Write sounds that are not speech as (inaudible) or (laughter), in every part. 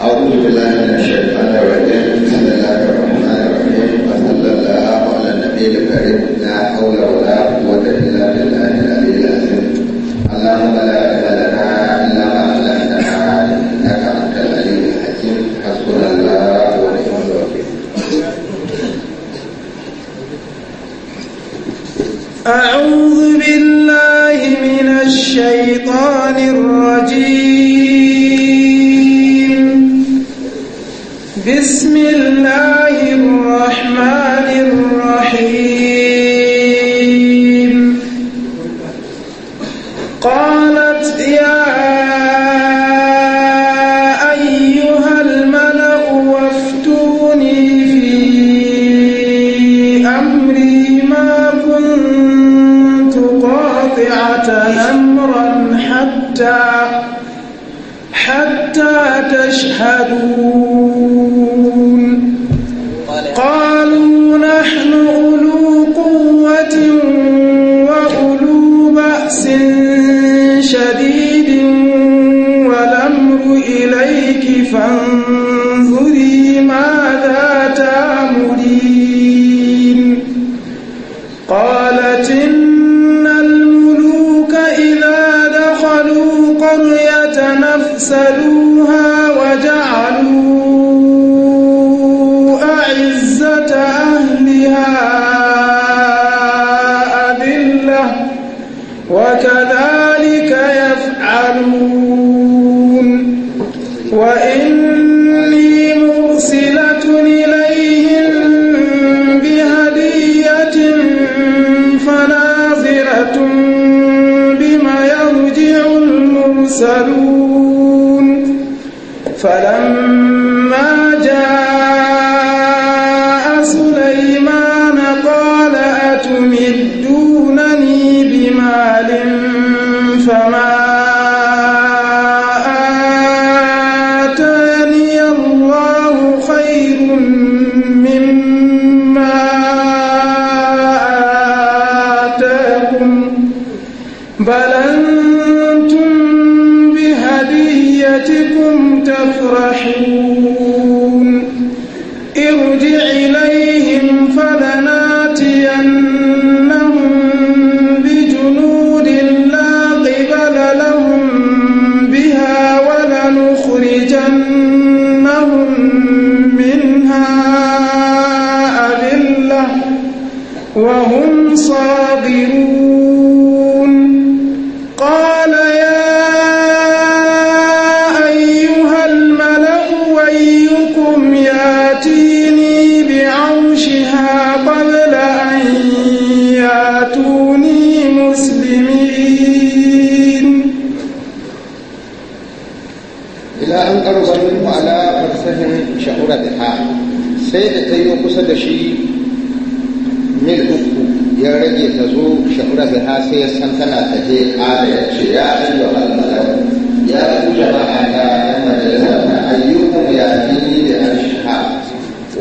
أعوذ بالله من الشيطان الرجيم بسم الله الرحمن الرحيم وصلى الله على النبي الكريم لا حول ولا قوة إلا بالله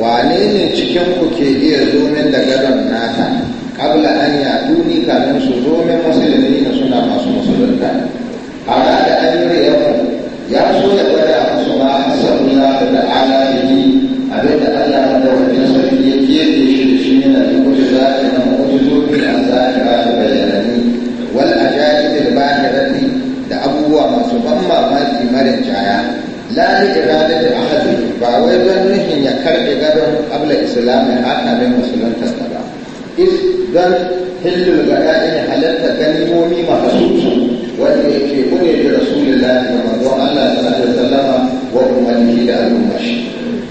wane ne cikin ku ke iya zo min da hillul ga ya'in halatta ganimomi mahsusa wanda yake kune da rasulullahi da manzon Allah sallallahu alaihi wasallama wa ummatihi da al'ummashi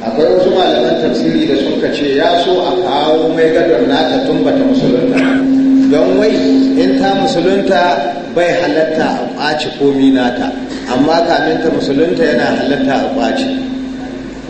akwai wasu malaman tafsiri da suka ce ya so a kawo mai gadon nata tun musulunta don wai in ta musulunta bai halatta a ƙwace komi nata amma kamin ta musulunta yana halatta a ɓaci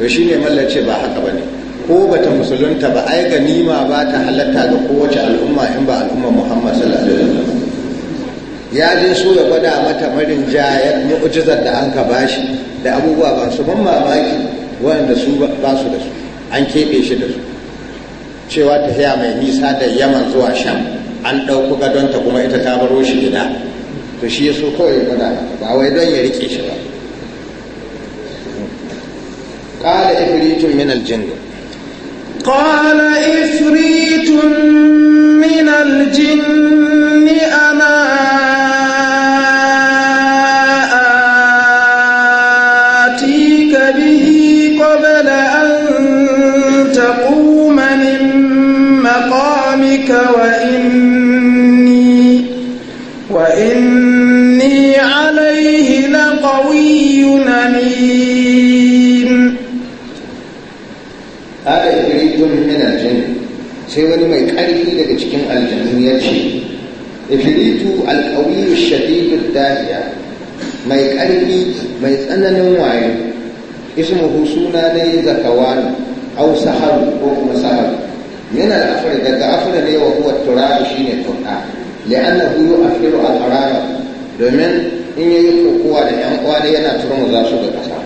to shine mallace ba haka bane ko bata musulunta ba ai ganima ba ta halatta ga kowace al'umma in ba al'umma Muhammad sallallahu alaihi wasallam ya je so ya gwada mata marin jayar mu'jizar da an ka bashi da abubuwa ba su ban mamaki wanda su ba su da su an keɓe shi da su cewa tafiya mai nisa da yaman zuwa sham an ɗauko gadonta kuma ita ta baro shi gida to shi ya so kawai ya gwada ba wai don ya rike shi ba قال إفريت من الجن قال إفريت من الجن أنا آتيك به قبل أن تقوم من مقامك وإن sai wani mai ƙarfi daga cikin aljanu ya ce ifiritu alƙawiyu shadidul dahiya mai ƙarfi mai tsananin wayo ismu suna ne zakawan au saharu ko kuma saharu? yana da afir daga afir ne wa huwa turabi shine turka li'annahu yu'afiru a tsararra domin in yi kokowa da yan uwa yana turmuza su ga ƙasa.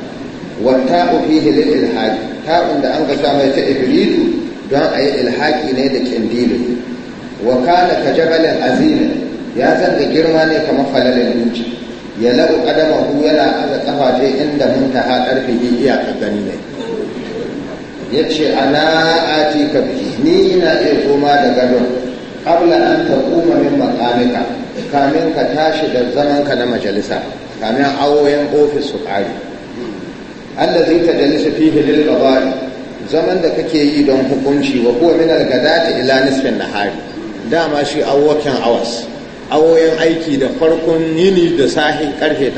wata ta'u fihi lil ilhad ta'un da an ga sa ta ifiritu don a yi ilhaki ne da kindilin wa kana ka jabalin azilin ya zanga girma ne kamar falalin duci ya lagu kadamahu yana aza kafafe inda mun ta karfe fiye iyaka gani ne ya ce ana ati ka ni ina iya koma da gadon kabla an ta kuma min makamika kamin ka tashi da zamanka na majalisa kamin awoyin ofis su kari allazi ta jalisa fihi lil qada'i zaman da kake yi don hukunci wa kuwa min al-gadati ila nisfin nahari dama shi awokin hours awoyin aiki da farkon yini da sahin karfe 8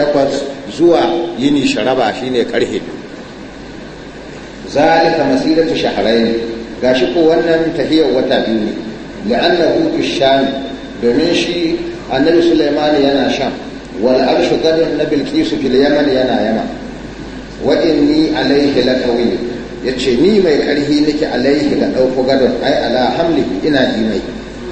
zuwa yini sharaba shine karfe 2 zalika masiratu shahrayn gashi ko wannan tahiyar wata biyu ne la'annahu tusham domin shi annabi sulaiman yana sham wal arshu na nabil qis fil yaman yana yaman wa inni alayhi ya ce ni mai ƙarfi nake alaihi da ɗauko gadon ai ala hamli ina ji mai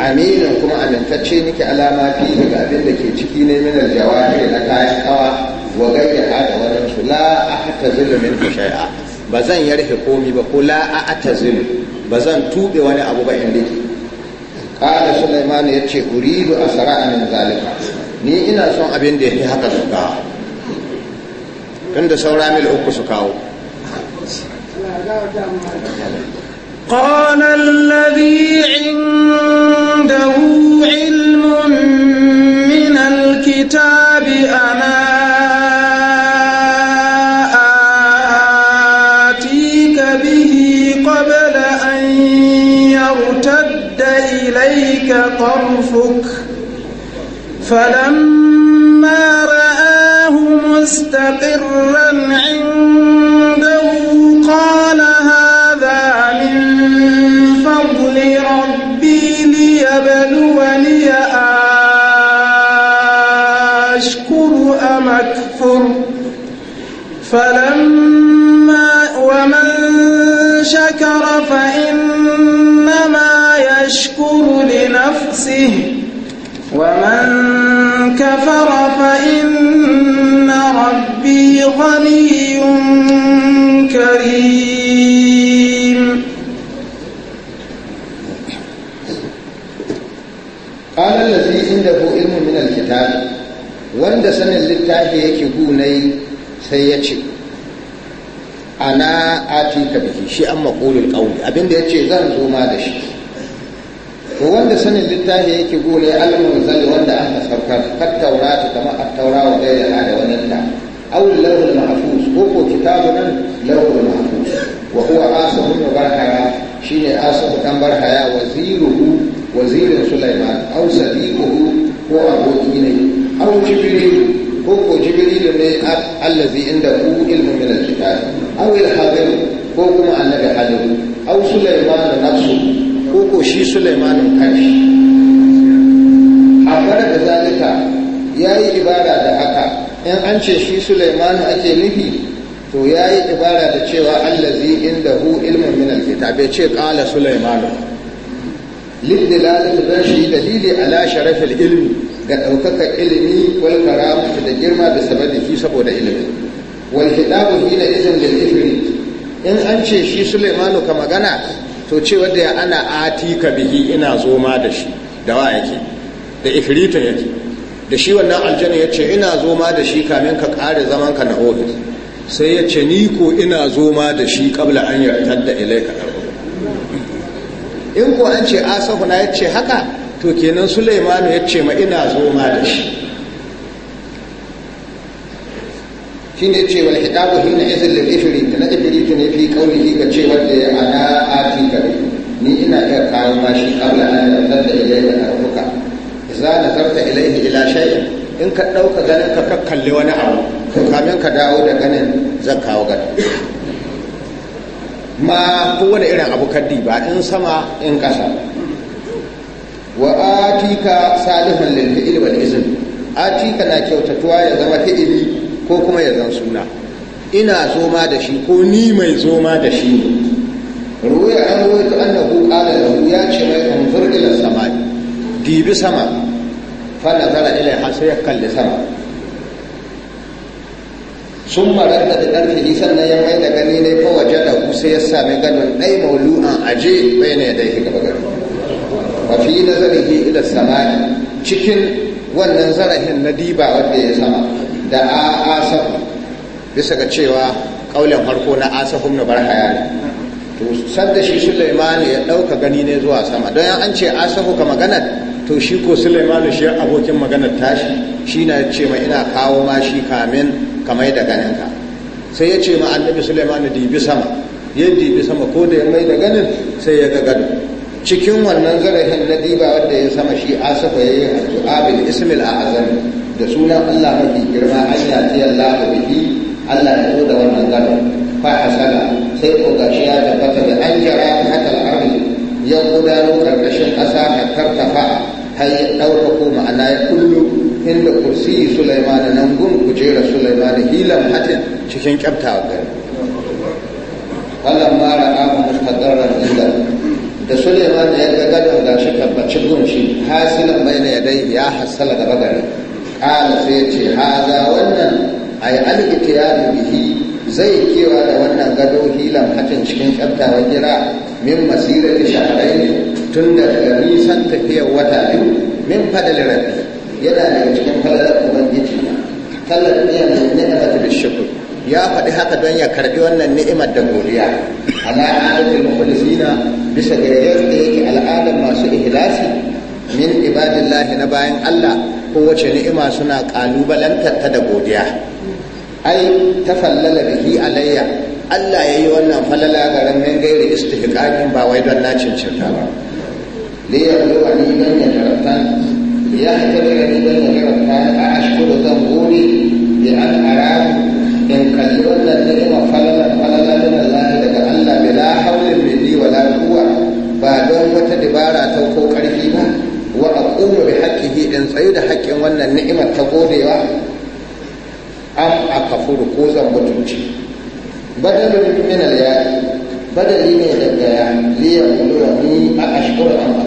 aminin kuma amintacce nake alama fi daga abin da ke ciki ne min aljawahiri na kayan kawa wa a da wannan su la zulu min shay'a ba zan yarhe komi ba ko la zulu ba zan tube wani abu ba in dake qala sulaiman yace uridu a min zalika ni ina son abin da fi haka su ga tunda saura mil uku su kawo قال الذي عنده علم من الكتاب أنا آتيك به قبل أن يرتد إليك طرفك فلما رآه مستقرا عند لأبلوني أشكر أم أكفر فلما ومن شكر فإنما يشكر لنفسه ومن كفر فإن ربي غني كريم qala allazi indahu ilmu min alkitab wanda sanin littafi yake gunai sai ya ce ana ka biki, shi an maqulul qawl abinda ya ce zan zo ma da shi to wanda sanin littafi yake gune almun zal wanda allazi inda ku ilmu min al-kitab aw al-hadir ko kuma annabi hadir aw sulaiman nafsu ko ko shi sulaiman kanshi akara da zalika ya yi ibara da haka in an ce shi sulaiman ake nufi to ya yi ibara da cewa allazi inda hu ilmu min al-kitab ya ce qala sulaiman lidlalatu dan shi dalili ala sharafil ilmi ga daukaka ilimi wal karamatu girma da sababihi saboda ilimi wal hidabu hina izin lil ifrit in an ce shi Sulaimanu ka magana to ce wanda ya ana ka bihi ina zo ma da shi da wa yake da ifrita yake da shi wannan aljanna ya ce ina zo ma da shi kamin ka kare zaman ka na ofis sai yace ni ko ina zo ma da shi kabla an yarda da ilaika in ko an ce Asahu na yace haka to kenan sulaimanu ya ce ma ina zo ma da shi shine ne wal hitabu hina izin lil ifrit na ifrit ne fi qawlihi ga cewa da ana atika ni ina iya kawo mashi qabla an nazarta ilayhi arfuka idza nazarta ilayhi ila shay'in in ka dauka ganin ka ka kalli wani abu kamin ka dawo da ganin zan kawo ganin ma kowane irin abu kaddi ba in sama in kasa wa atika salihun lil fi'l wal izn atika na kyautatuwa ya zama fi'ili ko kuma ya zan suna ina zoma da shi ko ni mai zoma da shi ne ruwaya an ruwaito annahu qala lahu ya ce mai anzur ila samai dibi sama fa nazara ilaiha sai ya kalli sama sun marar da ƙarfi sannan ya mai da gani ne fa waje da ku ya sami ganin ɗai maulu'an aje bai na ne da gaba gari wa fi nazarihi ila samai cikin wannan zarafin na diba wanda ya sama da asaf bisa ga cewa ƙaulen farko na asaf na bar hayali to sadda shi sulaimanu ya ɗauka gani ne zuwa sama don an ce asafu ka magana to shi ko sulaiman shi abokin maganar tashi shi na ce mai ina kawo ma shi kamin kamai da ganinka sai ya ce ma annabi suleiman dibi sama ya dibi sama ko da ya mai da ganin sai ya ga gado cikin wannan zarafin na diba wanda ya sama shi asafa ya yi addu'a bil ismil a'azami da sunan Allah mafi girma an yace Allah da biki Allah ya zo da wannan gano fa hasala sai ko gashi ya tabbata da an jira haka al'arbi ya gudanar karkashin ƙasa har tartafa har ya ɗaukako ma'ana ya kullu inda kursi Sulaiman nan gun kujera Sulaiman hilan hatin cikin kyamta gari wannan mara abu mustaqarran inda da Sulaiman ya ga gadon gashi tabbacin gun shi hasilan bayna yadai ya hasala gaba gari kala sai ya ce haza wannan ai ya bihi zai kewa da wannan gado hilan hatin cikin tsafta wa kira min masirar shaharai tun daga nisan tafiyar wata biyu min fadal rabbi yana daga cikin fadalar ubangiji na kallar niyyar a da shukur ya faɗi haka don ya karɓi wannan ni'imar da godiya ala adadin mukhlisina bisa ga yadda yake al'adar masu ihlasi min ibadillahi na bayan Allah kowace ni'ima suna kalubalantar ta da godiya ai ta fallala bihi alayya Allah yayi wannan falala ga ramin gairi istihqaqin ba wai don na cincinta ba li yabluwa ni nan ya karanta ya hakika ni dan ya karanta a ashkuru da gode bi an ara in kalli wannan ni'ima falala falala da Allah daga Allah bila haulin bihi wala quwwa ba don wata dabara ta ko karfi ba wa aqulu bi haqqihi in tsayu da haƙƙin wannan ni'imar ta godewa am akafuru ko zan mutunci badalun min al badali ne daga ya liya kulura ni a ashkuru am da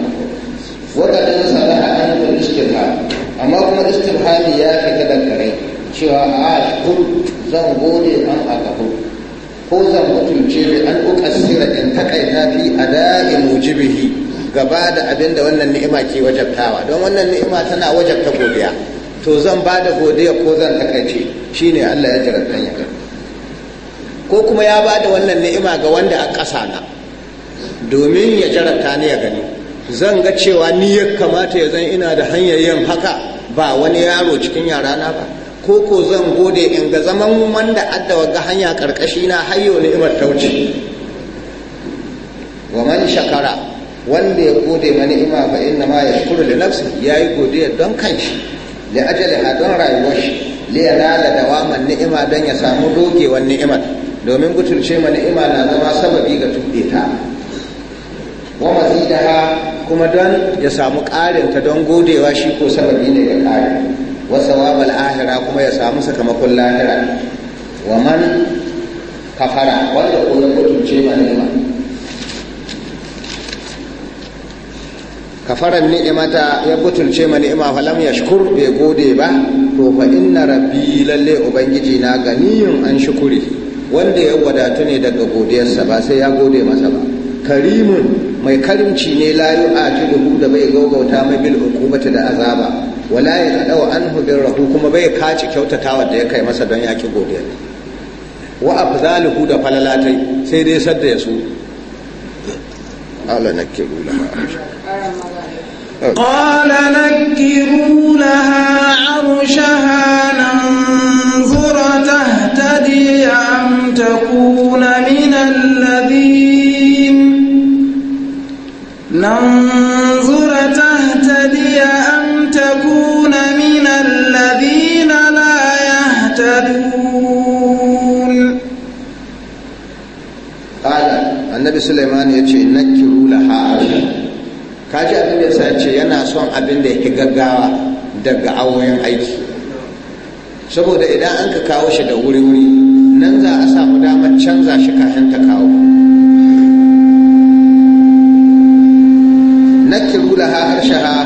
wadannan salaha an da istirham amma kuma istirhali ya fita da kare, cewa a ashkur zan gode am akafuru ko zan mutunce bi an ukassira in takaita fi ada'i mujibihi gaba da abinda da wannan ni'ima ke wajabtawa don wannan ni'ima tana wajabta godiya to zan ba da godiya ko zan takaice shine Allah ya jarabta ya ko kuma ya ba da wannan ni'ima ga wanda a ƙasa na domin ya jarabta ni ya gani zan ga cewa ni ya kamata ya zan ina da hanyar yin haka ba wani yaro cikin yara na ba ko ko zan gode in ga zaman wanda addawa ga hanya karkashi na hayyo ni'imar tauci wa man shakara wanda ya gode ma ni'ima ba inna ma shukuru li ya yayi godiya don kanshi li a don rayuwar shi li wa dawaman ni'ima don ya samu dogewar ni'imar domin gutulce ma ni'ima na zama sababi ga tuɗe ta wa ha kuma don ya samu ƙarin ta don godewa shi ko sababi ne ga ƙari wa sawabal ahira kuma ya samu sakamakon lahira wa man kafara wanda ko ya gutulce ma ni'ima kafaran ni'imata ya butulce ma ni'ima falam yashkur bai gode ba to fa inna rabbi lalle ubangiji na ganiyun an shukuri wanda ya wadatu ne daga godiyarsa ba sai ya gode masa ba karimun mai karimci ne la yu'ajibuhu da bai gaugauta mai bil hukumata da azaba wala ya dau an bil rahu kuma bai kaci kyautatawa da ya kai masa don ya ki godiya wa afzaluhu da falalatai sai dai sadda ya su ala laha قال نكروا لها عرشها ننظر تهتدي أم تكون من الذين ننظر تهتدي أم تكون من الذين لا يهتدون قال النبي سليمان يجي نكروا لها عرشها kaji abin da ya ce yana son abin da yake gaggawa daga awoyin aiki saboda idan an ka kawo shi da wuri-wuri nan za a samu damar canza shi kafin ta kawo na ha harshe ha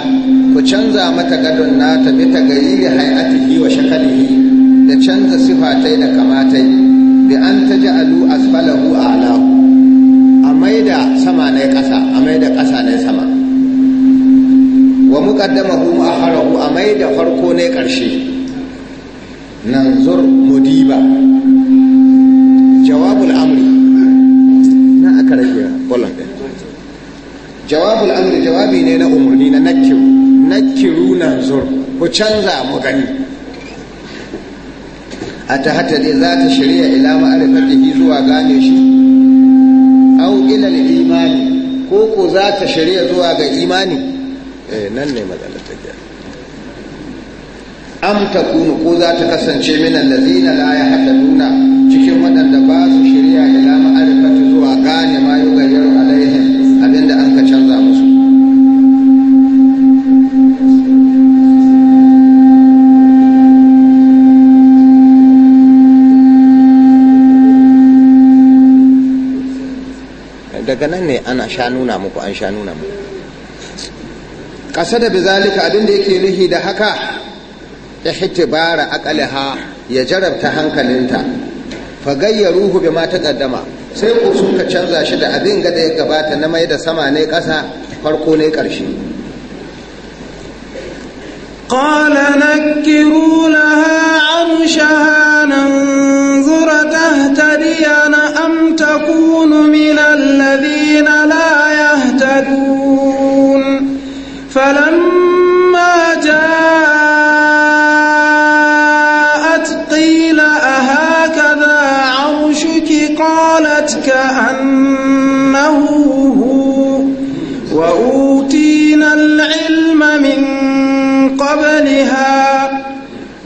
ku canza mata gadon na tafi ta gari da hay'atihi wa shakalihi da canza sifatai da kamatai bi an ta ji ja'alu a a'lahu ku canza mu gani a ta hata ne za ta shirya ila da zuwa gane shi au ilal imani ko ko za ta shirya zuwa ga imani eh nan ne matsala ta ke am kunu ko za ta kasance min lazina la nuna cikin waɗanda ba su shirya ila ma'arifati zuwa gane ma gajiyar alaihi daga nan ne ana sha nuna muku an sha nuna muku ƙasa da bizalika abin da yake nuhi da haka ya akali akaliha ya jarabta hankalinta fagayyaruhu bi ma ta taqaddama sai ku suka canza shi da abin gada ya gabata na mai da sama ne ƙasa farko ne ƙarshe قال نكروا لها عرشها ننظر تهتدي أم تكون من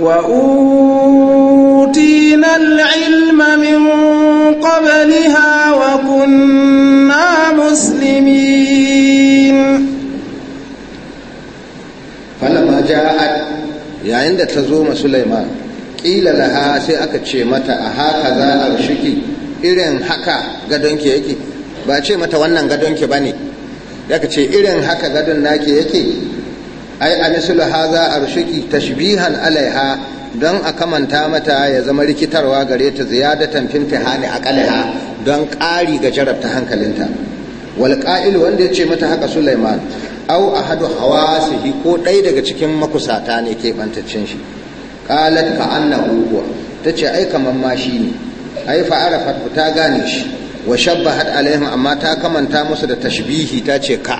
وأوتينا العلم من قبلها وكنا مسلمين فلما جاءت yayin da ta zo ma Sulaiman ƙila laha sai aka ce mata a haka za a shiki irin haka gadonki yake ba ce mata wannan gadonki ba ne ya ka ce irin haka gadon naki yake ai a mislu haza arshuki tashbihan alaiha don a kamanta mata ya zama rikitarwa gare ta ziyadatan fil a aqaliha don ƙari ga jarabta hankalinta wal wanda ya ce mata haka Sulaiman au ahadu hi ko ɗaya daga cikin makusata ne ke bantaccen shi an na hukuwa Ta ce ai kamar ma shi ne ai fa ta gane shi wa shabba shabbahat alaihim amma ta kamanta musu da tashbihi ta ce ka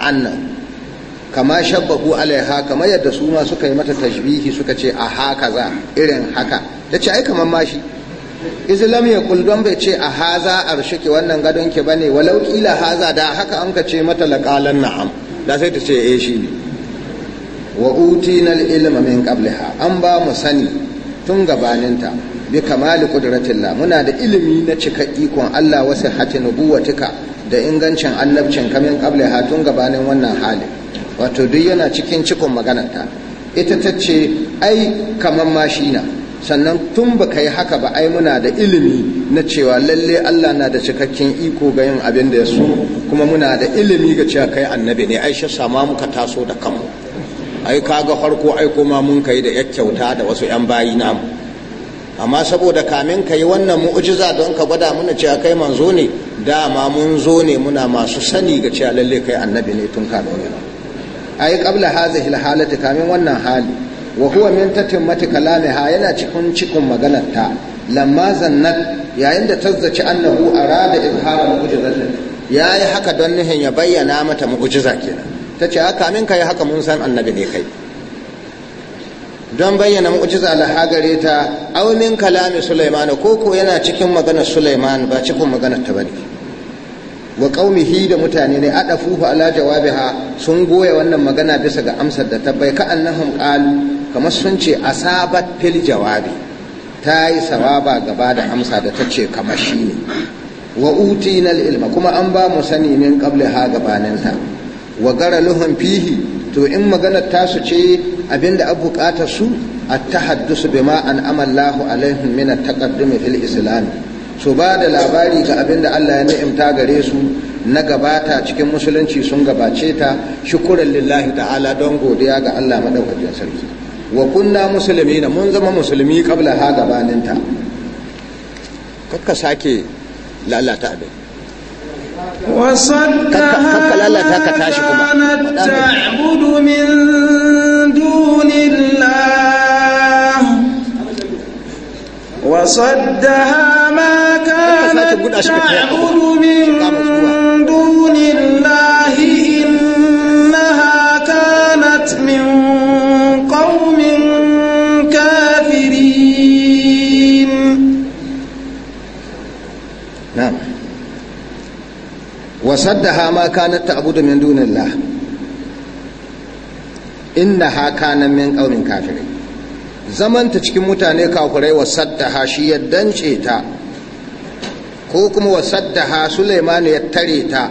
kama shabbahu alaiha kamar yadda su ma suka yi mata tashbihi suka ce a haka za irin haka ta ce ai kamar mashi islam ya kuldon bai ce a haza arshiki wannan gadon ki bane walau kila haza da haka an ka ce mata laqalan na'am da sai ta ce eh shi ne wa utina ilma min qabliha an ba mu sani tun gabaninta bi kamali qudratillah muna da ilimi na cika ikon Allah wasu hati nubuwatika da ingancin annabcin kamin qabliha tun gabanin wannan halin wato duk yana cikin cikon maganarta ita ta ce ai kamar mashina sannan tun ba ka yi haka ba ai muna da ilimi na cewa lalle Allah na da cikakken iko ga yin abin da ya so kuma muna da ilimi ga cewa kai annabi ne ai sama muka taso da kanmu ai kaga farko ai kuma mun kai da kyauta da wasu yan bayi namu amma saboda kamin ka yi wannan mu'ujiza don ka gwada muna cewa kai manzo ne dama mun zo ne muna masu sani ga cewa lalle kai annabi ne tun kafin ai qabla hadhihi halata kamin wannan hali wa huwa min tatimmati kalamiha yana cikin cikin maganar ta lamma zannat yayin da tazzaci annahu arada izhara mu'jizatin yayi haka don nihin ya bayyana mata mu'jiza kenan tace haka min kai haka mun san annabi ne kai don bayyana mu'jiza la gare ta aunin kalamin kalami sulaiman ko ko yana cikin maganar sulaiman ba cikin maganar ta bane wa ƙaumihi da mutane ne fufu ala jawabi ha sun goya wannan magana bisa ga amsar da tabbai ka annahum qalu kamar sun ce asabat fil jawabi ta yi sawaba gaba da amsa da ta ce kamar shi ne wa utina ilma kuma an ba mu sani min qabli ha gabanin ta wa garaluhum fihi to in magana ta su ce abinda abu bukata su at-tahaddusu bima an amallahu alaihim min at fil islami su ba da labari ga abin da Allah ya ni'imta gare su na gabata cikin musulunci sun gabace ta shukuran lillahi ta'ala don godiya ga Allah madaukakin sarki wa kunna musulmina mun zama musulmi kabla ha gabaninta kakka sake lalata abin kakka lalata ka tashi kuma ta'budu فصدها ما كانت تعبد من دون الله إنها كانت من قوم كافرين نعم وصدها ما كانت تعبد من دون الله إنها كانت من قوم كافرين zamanta cikin mutane kakurai wa saddaha shi ya dance ta ko kuma wa saddaha Suleimanu ya tare ta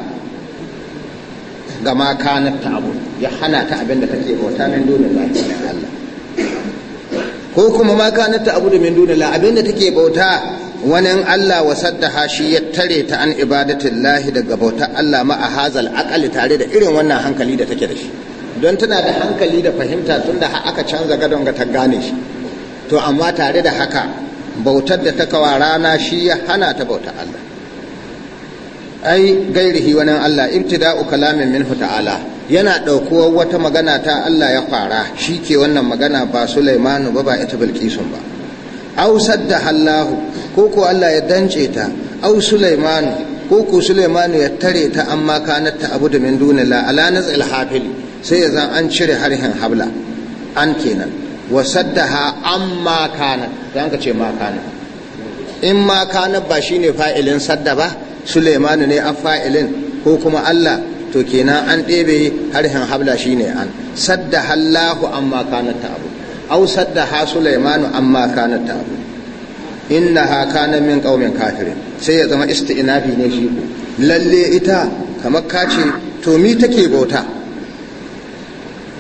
ga kanar ta abu ya hana ta abin da take bauta min dunin lafiya Allah ko kuma kanar ta abu da min dunin la abin da take bauta wani Allah wa saddaha shi ya tare ta an ibadatin lahi daga bauta Allah ma a hazal akali tare da irin wannan hankali da take da shi don tana da hankali da fahimta tun da aka canza gadon ga ta gane shi to amma tare da haka bautar da ta kawa rana shi ya hana ta bauta Allah ai gairihi wani Allah ibtida'u kalamin minhu ta'ala yana ɗaukuwar wata magana ta Allah ya fara shi ke wannan magana ba Sulaimanu ba ba ita Bilkisun ba au da hallahu ko ko Allah ya dance ta au Sulaimanu ko ko Sulaimanu ya tare ta amma kanatta abu da min dunila ala nazil hafili sai ya zan an cire harhin habla an kenan wa wasaddaha an kana dan ka ce makana in makana ba ba shine fa'ilin sadda ba Suleimanu ne an fa'ilin ko kuma Allah to kenan an ɗebe harhin habla shine an sadda hallahu an makana ta abu au ha saddaha Suleimanu an makana ta abu innaha kana min ƙaumin kafirin sai ya zama isti'nafi ne shi ku lalle ita kamar kace to mi take bauta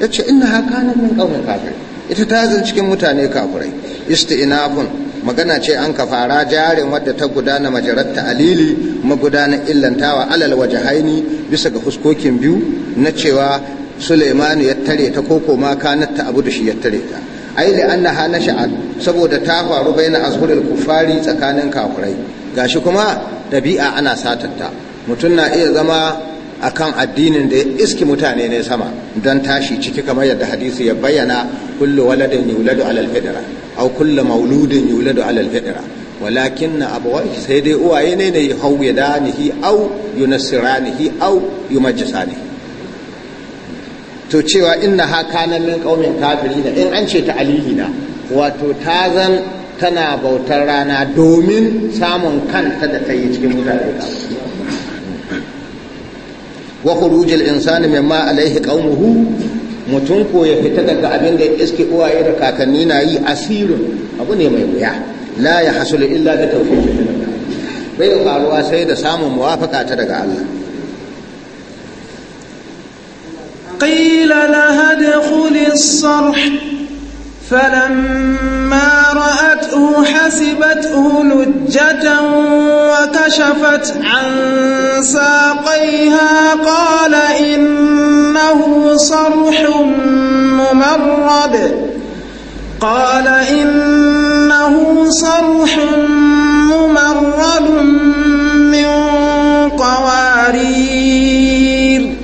ya ce ina haka nan min ƙaunar kafir ita ta zan cikin mutane kafirai isti'nafun magana ce an ka fara jarin wadda ta gudana majarar alili, magudanar illantawa alal waje-haini, bisa ga fuskokin biyu na cewa sulaimanu ya tare ta koko ma kanar ta abu da shi ya tare ta ai na hana sha'an saboda ta faru baina azhuril kufari tsakanin kafirai shi kuma dabi'a ana satatta mutum na iya zama akan addinin da ya iski mutane ne sama don tashi ciki kamar yadda hadisi ya bayyana kullu waladin yuladu alal fitra aw kullu mauludin yuladu alal fitra walakin na abawai sai dai uwaye ne ne nihi au yunassiranihi aw yumajjisanihi to cewa inna ha kana min qaumin kafirina in an ce ta alihina wato ta zan tana bautar rana domin samun kanta da ta yi cikin mutane wa khurujul insani ma alaihi qaumuhu mutum ko ya fita daga abin da ya iske uwaye da kakanni na yi asirin abu ne mai wuya la ya hasulu illa da tawfiqin bai da faruwa sai da samun muwafaka ta daga Allah qila la hadkhul as فلما رأته حسبته لجة وكشفت عن ساقيها قال إنه صرح ممرد قال إنه صرح ممرد من قوارير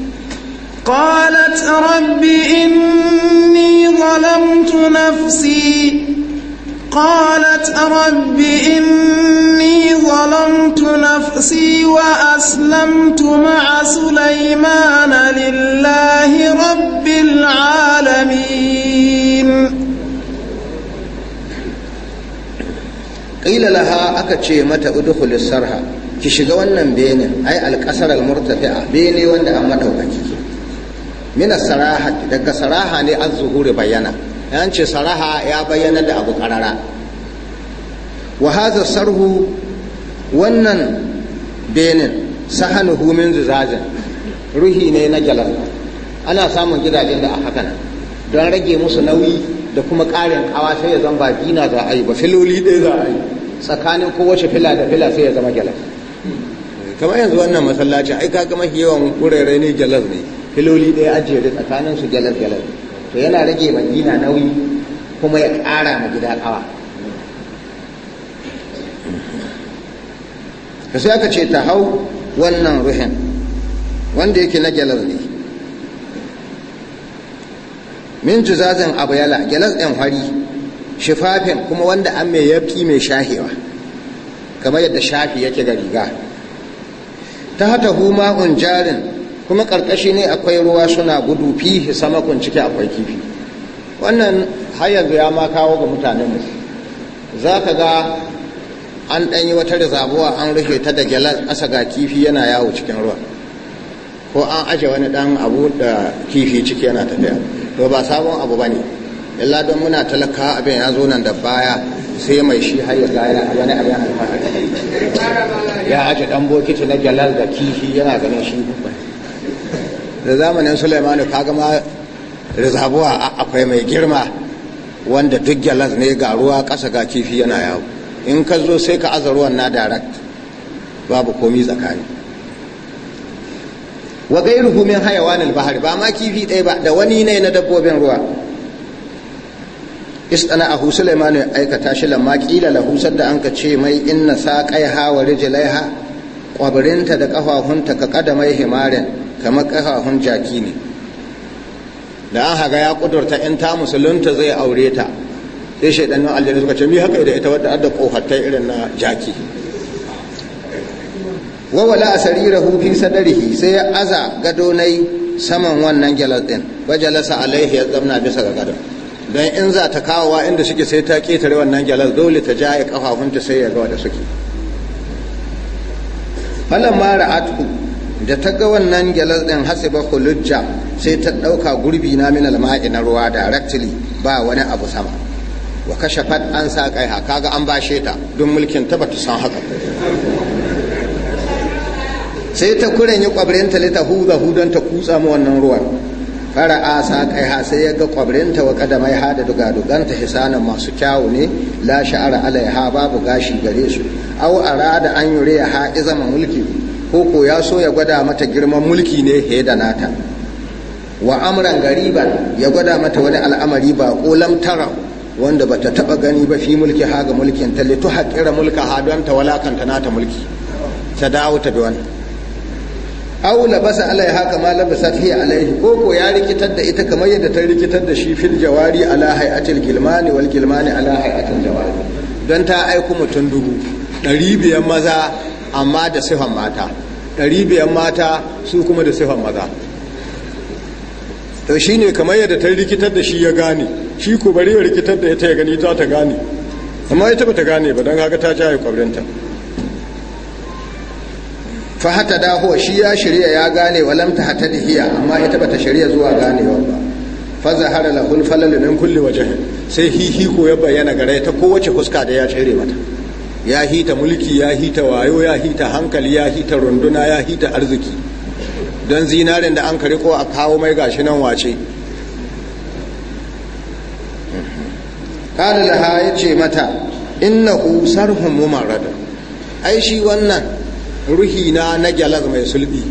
قالت رب إن نفسي قالت رب إني ظلمت نفسي وأسلمت مع سليمان لله رب العالمين قيل لها أكتشي متى أدخل السرحة ki shiga wannan benin ai alƙasar almurtafi'a bene wanda an maɗaukaki mina saraha daga saraha ne an bayyana yan ce saraha ya bayyana da abu karara wa hadha sarhu wannan benin sahanu humin zuzazin ruhi ne na jalal ana samun gidajen da a haka don rage musu nauyi da kuma ƙarin kawa sai ya zama ba gina za a yi ba filoli ɗaya za a yi tsakanin kowace fila da fila sai ya zama jalal kamar yanzu wannan masallacin ai kaga mafi yawan wurare ne jalal ne filoli ɗaya ajiyar tsakanin su jalal jalal to yana rage madina nauyi kuma ya ƙara ma gida ƙawa ka sai aka ce ta hau wannan ruhin wanda yake na gyalar ne min juzazin abu yala gyalar ɗin hari shifafin kuma wanda an mai yafi mai shahewa kamar yadda shafi yake ga riga ta hata huma jarin kuma karkashi ne akwai ruwa suna gudu fihi samakon ciki akwai kifi wannan har yanzu ya ma kawo ga musu za ka ga an ɗan yi wata rizabuwa an rufe ta da gyalar ƙasa ga kifi yana yawo cikin ruwa ko an aje wani ɗan abu da kifi ciki yana tafiya to ba sabon abu ba ne illa don muna talaka abin ya zo nan da baya sai mai shi har ya gaya wani abin alfahari ya aje ɗan bokiti na gyalar da kifi yana ganin shi da zamanin sulaimanu kaga ma rizabuwa akwai mai girma wanda duk gyalas ne ga ruwa kasa ga kifi yana yawo in ka zo sai ka aza ruwan na direct babu komi tsakani wa gairuhu min hayawan albahar ba ma kifi ɗaya ba da wani ne na dabbobin ruwa istana ahu sulaiman ya aikata shi lamma kila husar da an ka ce mai inna hawa rijilai ha kwabirinta da ƙafafunta ka mai himarin kamar kafafun jaki ne da an haga ya kudurta in ta musulunta zai aure ta sai shaidan aljanna suka ce mi haka da ita wadda adda kofatta irin na jaki wa a sarira fi sadarihi sai ya aza gado nai saman wannan gyalas din bajalasa alaihi ya zamna bisa ga gado don in za ta kawowa inda suke sai ta ketare wannan gyalas dole ta jaye kafafunta sai ya ga wanda suke falan da ta ga wannan gyalas ɗin hasiba lujja sai ta ɗauka gurbi na min alma'i na ruwa directly ba wani abu sama wa kashe fat an sa kai ha kaga an bashe ta don mulkin ta bata san haka sai ta kuren yi kwabrinta ta lita huda hudan ta kutsa mu wannan ruwan fara a sa kai ha sai ya ga kwabrinta wa kadamai ha da ta hisanan masu kyawu ne la sha'ara alaiha babu gashi gare su au arada an yure ha izama mulki ko ya so ya gwada mata girman mulki ne he da nata wa amran gariban ya gwada mata wani al'amari ba ko lamtara wanda ta taba gani ba fi mulki ha ga mulkin ta to haƙira mulka ha don ta walakanta nata mulki ta dawo ta bi wani aw labasa alaiha kama labasat hiya alaihi ko ko ya rikitar da ita kamar yadda ta rikitar da shi fil jawari ala hay'atil gilmani wal gilmani ala hay'atil jawari don ta aiko mutum dubu ɗari maza amma da sifan mata ɗari biyan mata su kuma da sifan maza to shi ne kamar yadda ta rikitar da shi ya gane shi ko bari ya rikitar da ya ta ya gani za ta gane amma ita ba ta gane ba don haka ta jaye kwabrinta fa hata dahuwa shi ya shirya ya gane wa ta hata da hiya amma ita ba ta shirya zuwa ganewa ba fa zahara lahul falal min kulli wajh sai hihi ko ya bayyana gare ta kowace fuska da ya cire mata ya hita mulki ya hita wayo ya hita hankali ya hita runduna ya hita arziki don zinarin da an kariko a kawo mai gashi nan wace kada laha ya ce mata innahu sarhun mumarradun ai shi wannan ruhi na na gyalas mai sulbi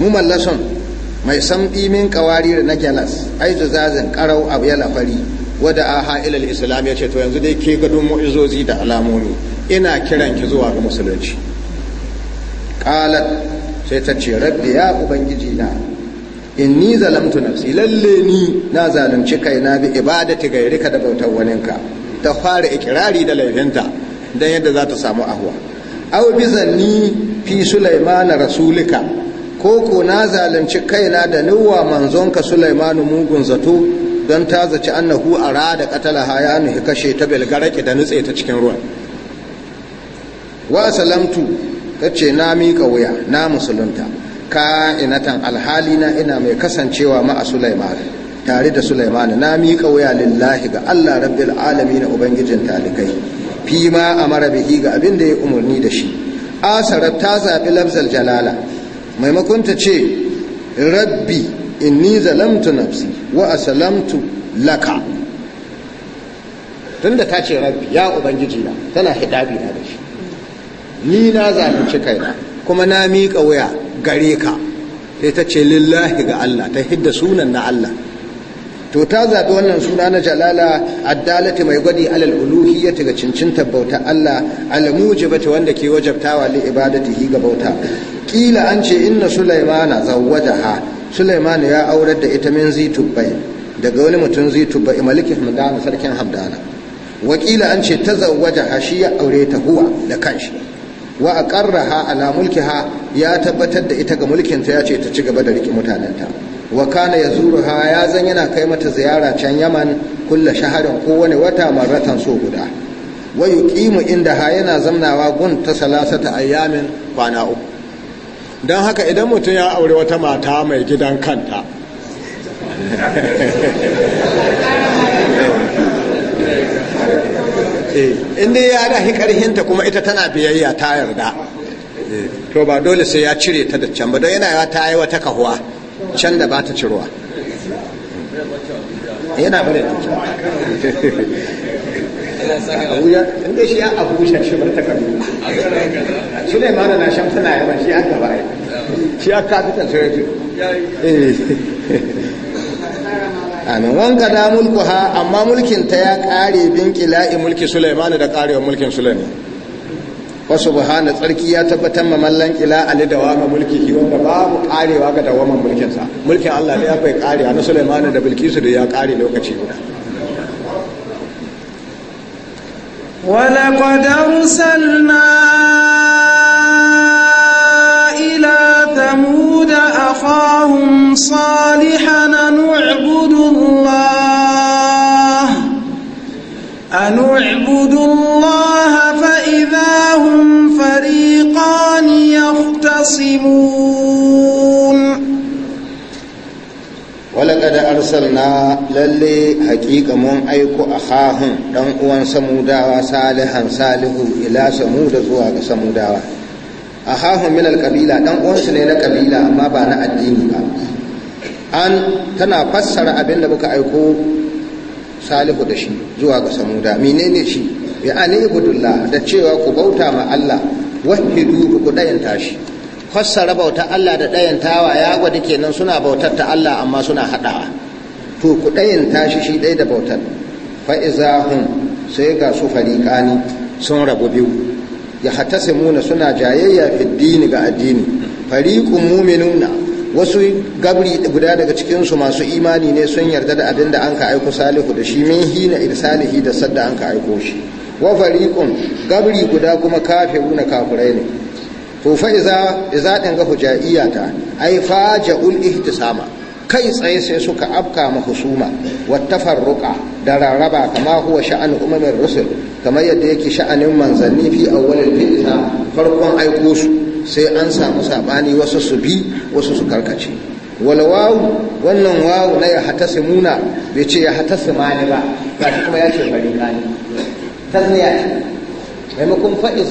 mumallason mai samɗi min kawari da na gyalas ai zazazin karau abu ya lafari wada aha ilal islam ya ce to yanzu dai ke gadon mu'izozi da alamomi ina kiran ki zuwa ga musulunci qalat sai ta ce rabbi ya ubangiji na In ni zalamtu nafsi lalle ni na zalunci kaina bi ibadati gairika da bautar waninka ta fara ikirari da laifinta dan yadda za ta samu ahwa aw bi zanni fi sulaimana rasulika ko ko na zalunci kaina da nuwa manzonka sulaimanu mugun zato don ta zaci annahu da qatalaha ya nuhi kashe ta bilgaraki da nutse ta cikin ruwan wa salamtu ta ce na miƙa wuya na musulunta ka inatan alhali na ina mai kasancewa ma'a sulaiman tare da sulaiman na miƙa wuya lillahi ga Allah rabbil na ubangijin talikai fi ma mara bihi ga abin da ya umarni da shi asarar ta zaɓi lafzal jalala maimakon ta ce rabbi inni zalamtu nafsi wa asalamtu, laka tunda ta ce rabbi ya ubangiji na tana hidabi na da shi ni na zalunci kaina kuma na miƙa wuya gare ka sai ta ce lillahi ga Allah ta hidda sunan na Allah to ta zaɓi wannan suna na jalala addalati mai gwadi alal uluhiyyati ga Cincin bauta Allah al mujibati wanda ke wajabtawa li ibadatihi ga bauta kila an ce inna sulaimana zawwajaha Suleiman ya aurar da ita min Zitubai daga wani mutum Zitubai maliki Hamdana sarkin Hamdana wakila an ce tazawwaja shi ya aure ta huwa da kanshi wa aqarraha ala mulkiha ya tabbatar da ita ga mulkinta ya ce ta ci gaba da riƙe mutanenta wa kana yazuruha ya zan yana kai mata ziyara can Yaman kulla shaharin kowane wata maratan so guda wa yuqimu inda ha yana zamnawa gun ta salasata ayyamin kwana uku don haka idan mutum ya aure wata mata mai gidan kanta eh, inda ya dahi karhinta kuma ita tana biyayya ta yarda eh, to ba dole sai ya cire ta da can ba don yana ta yi wata kahuwa can da ba ta ciruwa yana bane (laughs) abuja inda shi ya abuja shi bar takardu na yaman shi ya shi ya sai ce eh. mulku ha amma mulkin ta ya kare bin kila'i mulki suleiman da karewa mulkin suleiman wasu buhana tsarki ya tabbatar ma mallan kila ali da wama mulki wanda babu karewa ga dawaman sa mulkin allah ne ya bai karewa na suleiman da bilkisu da ya kare lokaci guda ولقد أرسلنا إلى ثمود أخاهم صالحا نعبد الله أنعبد الله فإذا هم فريقان يختصمون walakada na lalle haƙiƙa mun aiko a hahun ɗan uwan samudawa salihan salihu ila samuda zuwa ga samudawa a hahun min alƙabila ɗan uwansu ne na kabila amma ba na addini ba an tana fassara abin da muka aiko salihu da shi zuwa ga samuda menene shi ya ani da cewa ku bauta ma Allah wahidu ku ɗayan tashi fassara bautar Allah da ɗayan tawa ya gwada kenan suna bautar ta Allah amma suna haɗawa to ku ɗayan shi shi ɗaya da bautar fa'izahun sai ga su fariƙani sun rabu biyu ya Muna suna jayayya fiddini ga addini fariqun mu'minuna wasu gabri guda daga cikinsu masu imani ne sun yarda da abin da an ka aiko salihu da shi min hina irsalihi da sadda an ka aiko shi wa fariƙun gabri guda kuma kafiruna kafirai ne to fa iza iza dan ga hujaiyata ai faja'ul ihtisama kai tsaye sai suka afka ma husuma wa tafarruqa da rarraba kama huwa sha'an umamin rusul kamar yadda yake sha'anin manzanni fi awwalil fitna farkon aiko su sai an samu sabani wasu su bi wasu su karkace wal wawu wannan wawu na ya hatasimuna bai ce ya hatasimani ba gashi kuma ya ce bari kani ce. maimakon fari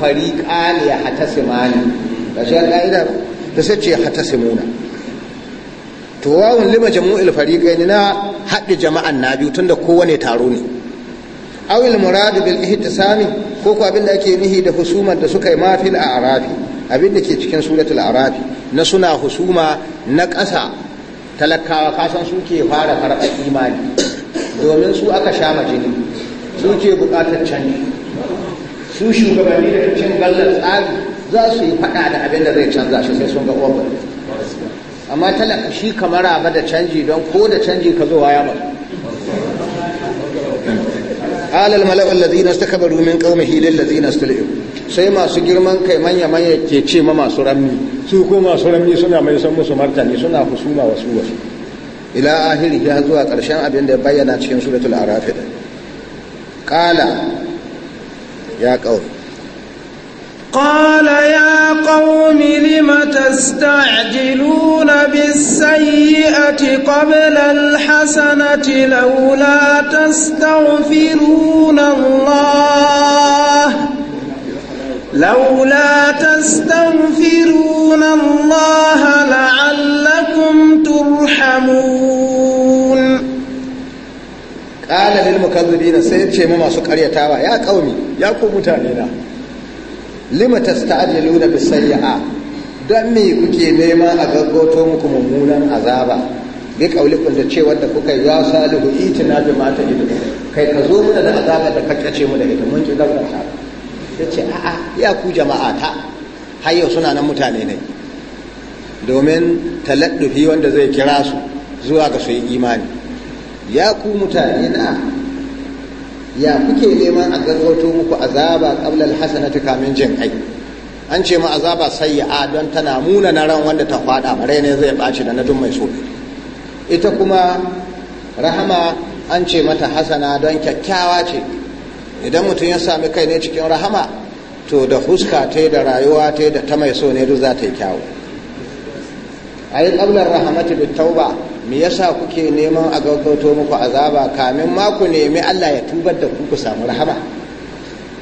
fariƙani ya hatasimani da shi an ƙa'ida da sai ce hatasimuna to wawun lima jamu'il fariƙani na haɗe jama'an na biyu tunda kowane taro ne awil muradu bil ihtisami ko ko abin da ake nihi da husumar da suka yi mafil a arafi abin da ke cikin suratul arafi na suna husuma na ƙasa talakawa kasan su ke fara karɓar imani domin su aka sha majini su ke buƙatar canji su shugabanni da cin gallar tsari za su yi faɗa da abin da zai canza shi sai sun ga obar amma talaka shi kamar ba da canji don ko da canji ka zo waya ba alal mala'u allazina istakbaru min qaumihi lil ladzina istul'u sai masu girman kai manya manya ke ce ma masu ramni su ko masu ramni suna mai san musu martani suna husuma wasu wasu ila ahirihi har zuwa karshen abin da ya bayyana cikin suratul arafid qala يا قوم قال يا قوم لم تستعجلون بالسيئة قبل الحسنة لولا تستغفرون الله لولا تستغفرون الله لعلكم ترحمون Ƙala lil mukazzibina sai ce mu masu karyatawa ya qaumi ya ku mutane na lima tasta'jiluna bis sayyi'a dan me kuke neman a gaggoto muku mummunan azaba bi qaulikum da ce wanda kuka yi ya salihu itina bi mata idu kai ka zo mana da azaba da ce mu da ita mun ki gaggauta yace a'a ya ku jama'a ta har yau suna nan mutane ne domin taladdufi wanda zai kira su zuwa ga su yi imani ya ku mutane na ya kuke neman a gaggauto muku azaba hasana ta kamin jin kai an ce ma azaba sayya'a don tana muna na ran wanda ta faɗa, rai ne zai baci da nadun mai so ita kuma rahama an ce mata hasana don kyakkyawa ce idan mutum ya sami kai ne cikin rahama to da fuska ta da rayuwa ta da ta mai so ne duk za ta yi kyawu a yi ƙablar rahamati da tauba me yasa kuke neman a gaggauto muku azaba kamin ma ku nemi Allah ya tubar da ku ku samu rahama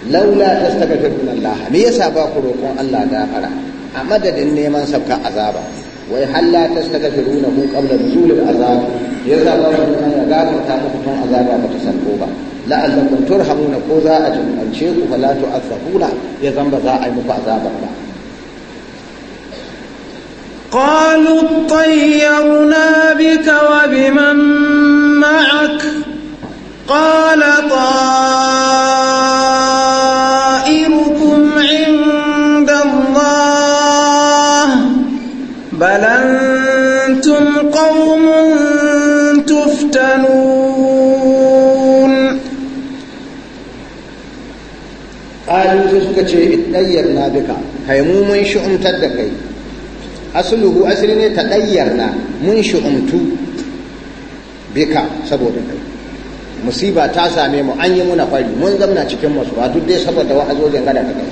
laula tastaghfiruna Allah me yasa ba ku roƙon Allah fara a madadin neman sabka azaba wai halla tastaghfiruna mu qabla nuzulil azab yasa ba ku neman ya gafarta muku tun azaba ba ta sanko ba la'allakum turhamuna ko za a jumance ku fala tu'azzabuna ya zamba za a yi muku azaba ba قالوا اطيرنا بك وبمن معك قال طائركم عند الله بل أنتم قوم تفتنون قالوا سكتشي اتطيرنا بك هي مو من شؤم تدكي asluhu asali ne tadayyarna mun shu'umtu bika saboda kai musiba ta same mu an yi muna fari mun zamna cikin masu duk dai saboda wa'azojin gada ka kai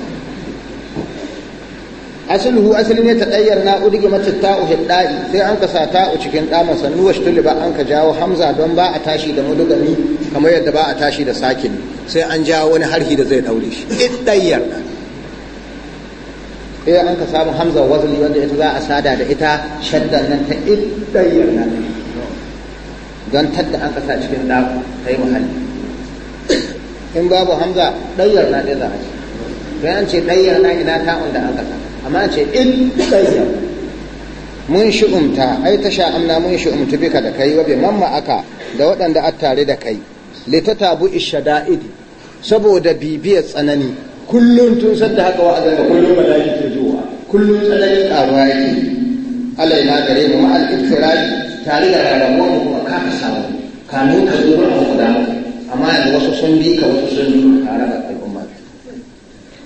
asluhu asali ne ta ɗayyar na udige ta ta'u hidda'i sai an kasa u cikin ɗa masannu wasu ba an ka jawo hamza don ba a tashi da mudugami kamar yadda ba a tashi da sakin sai an jawo wani harhi da zai ɗaure shi ɗayyar sai an ka samu hamza wazli wanda ita za a sada da ita shaddan nan ta iddayyar nan don tadda an kasa cikin da ta yi muhalli in babu hamza ɗayyar na ɗaya za a ce to an ce ɗayyar na ina ta'un da an kasa amma an ce iddayyar mun shi umta ai ta sha amna mun shi umta bika da kai wa bi mamma aka da waɗanda a tare da kai litatabu ishada'idi saboda bibiyar tsanani kullum tun sadda haka wa'azin kullum mala'iki kullum tsananin ƙaruwa yake alaina gare mu ma'al iftirari tare da rarrabuwar mu kuma ka samu ka zo zuwa a da amma yanzu wasu sun bi ka wasu sun bi ka raba al'umma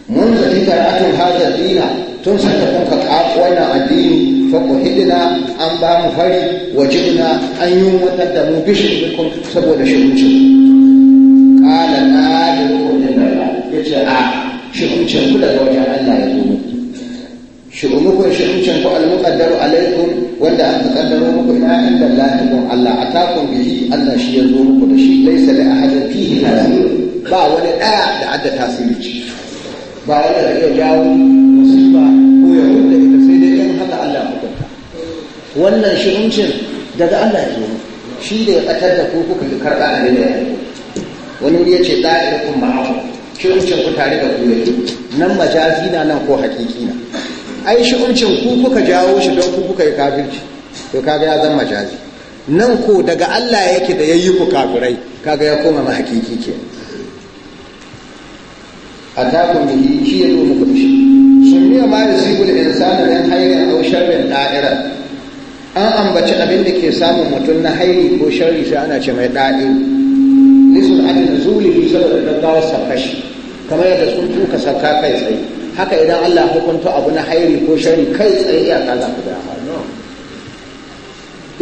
mun zafi karatun hajar dina tun sanda kun ka ƙaƙo wannan addini hidina, an ba mu fari wajibina an yi wata da mu bishin bikon saboda shirkuncin ƙala na da rukun da ya ce a shirkuncin ku daga wajen Allah ya zo shu'umukum shu'umcin ku al-muqaddaru alaikum wanda aka kaddaro muku ina inda lahikum Allah atakum bihi Allah shi ya zo muku da shi da a hajar fihi nasir ba wani ɗaya da adda tasiri ce. ba wani da iya jawo musiba ko ya da ita sai dai 'yan haka Allah hukunta wannan shiruncin daga Allah ya zo shi ne ya katar da ku kuka karɓa a da ya wani wuri ya ce da'irukum ma'ahu shiruncin ku tare da ku yake nan majazi na nan ko hakiki na ai umcin ku kuka jawo shi don ku kuka yi kafirci to kaga ya zama jazi nan ko daga Allah yake da yayi ku kafirai kaga ya koma ma hakiki ke atakum bi shi ya zo muku shi sunniya ma yusibul insana min khairin aw sharrin da'ira an ambaci abin da ke samun mutum na hairi ko sharri sai ana ce mai da'i lisun an nuzuli fi sabab da gawa sakashi kamar yadda sun tuka saka kai tsaye haka idan Allah hukunta abu na hairi ko shari kai tsaye iyaka za ku da